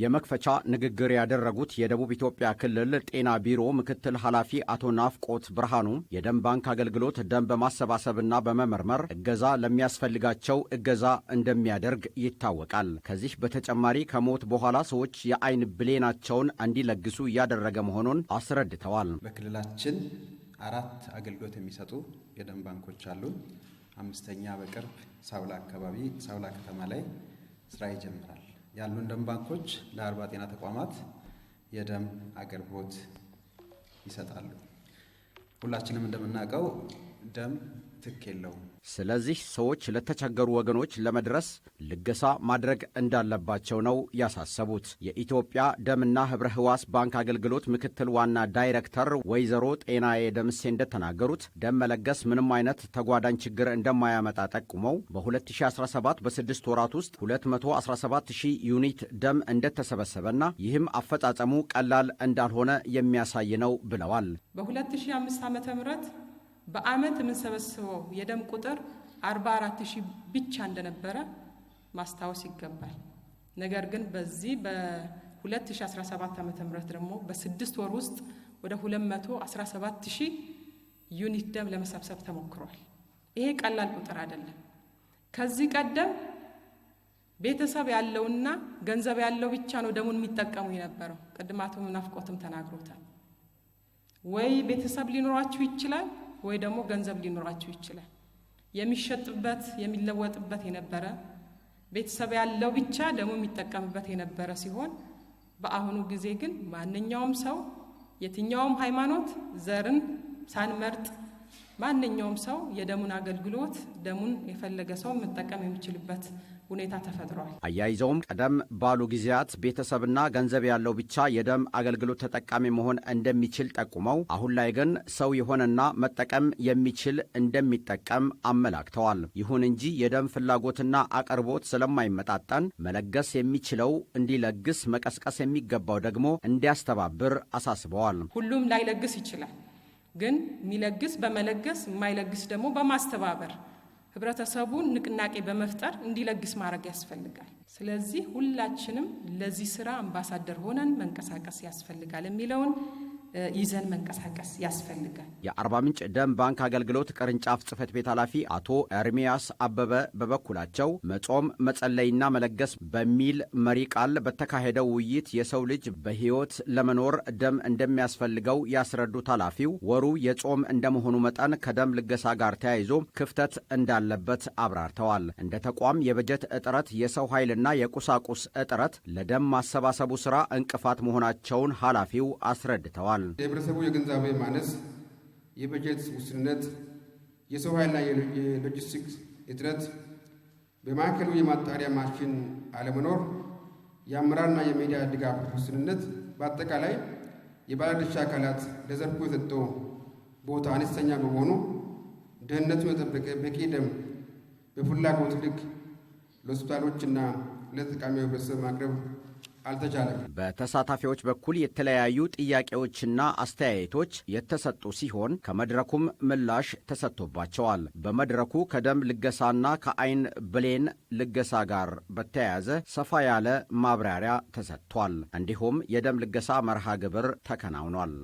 የመክፈቻ ንግግር ያደረጉት የደቡብ ኢትዮጵያ ክልል ጤና ቢሮ ምክትል ኃላፊ አቶ ናፍቆት ብርሃኑ የደም ባንክ አገልግሎት ደም በማሰባሰብና በመመርመር እገዛ ለሚያስፈልጋቸው እገዛ እንደሚያደርግ ይታወቃል። ከዚህ በተጨማሪ ከሞት በኋላ ሰዎች የአይን ብሌናቸውን እንዲለግሱ እያደረገ መሆኑን አስረድተዋል። በክልላችን አራት አገልግሎት የሚሰጡ የደም ባንኮች አሉ። አምስተኛ በቅርብ ሳውላ አካባቢ ሳውላ ከተማ ላይ ስራ ይጀምራል። ያሉን ደም ባንኮች ለአርባ ጤና ተቋማት የደም አገልግሎት ይሰጣሉ። ሁላችንም እንደምናውቀው ደም ትክ የለውም። ስለዚህ ሰዎች ለተቸገሩ ወገኖች ለመድረስ ልገሳ ማድረግ እንዳለባቸው ነው ያሳሰቡት። የኢትዮጵያ ደምና ህብረ ህዋስ ባንክ አገልግሎት ምክትል ዋና ዳይሬክተር ወይዘሮ ጤናዬ ደምሴ እንደተናገሩት ደም መለገስ ምንም አይነት ተጓዳኝ ችግር እንደማያመጣ ጠቁመው በ2017 በስድስት ወራት ውስጥ 217 ሺህ ዩኒት ደም እንደተሰበሰበና ይህም አፈጻጸሙ ቀላል እንዳልሆነ የሚያሳይ ነው ብለዋል። በ2005 ዓ.ም በአመት የምንሰበስበው የደም ቁጥር 44 ሺህ ብቻ እንደነበረ ማስታወስ ይገባል። ነገር ግን በዚህ በ2017 ዓ.ም ደግሞ በስድስት ወር ውስጥ ወደ 217 ሺህ ዩኒት ደም ለመሰብሰብ ተሞክሯል። ይሄ ቀላል ቁጥር አይደለም። ከዚህ ቀደም ቤተሰብ ያለውና ገንዘብ ያለው ብቻ ነው ደሙን የሚጠቀሙ የነበረው። ቅድማቱም ናፍቆትም ተናግሮታል። ወይ ቤተሰብ ሊኖራችሁ ይችላል ወይ ደግሞ ገንዘብ ሊኖራቸው ይችላል። የሚሸጥበት የሚለወጥበት የነበረ ቤተሰብ ያለው ብቻ ደግሞ የሚጠቀምበት የነበረ ሲሆን በአሁኑ ጊዜ ግን ማንኛውም ሰው የትኛውም ሃይማኖት ዘርን ሳንመርጥ ማንኛውም ሰው የደሙን አገልግሎት ደሙን የፈለገ ሰው መጠቀም የሚችልበት ሁኔታ ተፈጥሯል። አያይዘውም ቀደም ባሉ ጊዜያት ቤተሰብና ገንዘብ ያለው ብቻ የደም አገልግሎት ተጠቃሚ መሆን እንደሚችል ጠቁመው አሁን ላይ ግን ሰው የሆነና መጠቀም የሚችል እንደሚጠቀም አመላክተዋል። ይሁን እንጂ የደም ፍላጎትና አቅርቦት ስለማይመጣጠን መለገስ የሚችለው እንዲለግስ፣ መቀስቀስ የሚገባው ደግሞ እንዲያስተባብር አሳስበዋል። ሁሉም ላይለግስ ይችላል። ግን የሚለግስ በመለገስ የማይለግስ ደግሞ በማስተባበር ህብረተሰቡን ንቅናቄ በመፍጠር እንዲለግስ ማድረግ ያስፈልጋል። ስለዚህ ሁላችንም ለዚህ ስራ አምባሳደር ሆነን መንቀሳቀስ ያስፈልጋል የሚለውን ይዘን መንቀሳቀስ ያስፈልጋል። የአርባ ምንጭ ደም ባንክ አገልግሎት ቅርንጫፍ ጽህፈት ቤት ኃላፊ አቶ ኤርሚያስ አበበ በበኩላቸው መጾም መጸለይና መለገስ በሚል መሪ ቃል በተካሄደው ውይይት የሰው ልጅ በሕይወት ለመኖር ደም እንደሚያስፈልገው ያስረዱት ኃላፊው ወሩ የጾም እንደመሆኑ መጠን ከደም ልገሳ ጋር ተያይዞ ክፍተት እንዳለበት አብራርተዋል። እንደ ተቋም የበጀት እጥረት፣ የሰው ኃይልና የቁሳቁስ እጥረት ለደም ማሰባሰቡ ሥራ እንቅፋት መሆናቸውን ኃላፊው አስረድተዋል። ተናግረዋል። የህብረተሰቡ የግንዛቤ ማነስ፣ የበጀት ውስንነት፣ የሰው ኃይልና የሎጂስቲክስ እጥረት፣ በማዕከሉ የማጣሪያ ማሽን አለመኖር፣ የአመራርና የሚዲያ ድጋፍ ውስንነት፣ በአጠቃላይ የባለድርሻ አካላት ለዘርፉ የሰጠው ቦታ አነስተኛ በመሆኑ ደህንነቱን የጠበቀ በቂ ደም በፍላጎት ልክ ለሆስፒታሎችና ለተጠቃሚ ህብረተሰብ ማቅረብ አልተቻለም። በተሳታፊዎች በኩል የተለያዩ ጥያቄዎችና አስተያየቶች የተሰጡ ሲሆን ከመድረኩም ምላሽ ተሰጥቶባቸዋል። በመድረኩ ከደም ልገሳና ከአይን ብሌን ልገሳ ጋር በተያያዘ ሰፋ ያለ ማብራሪያ ተሰጥቷል። እንዲሁም የደም ልገሳ መርሃ ግብር ተከናውኗል።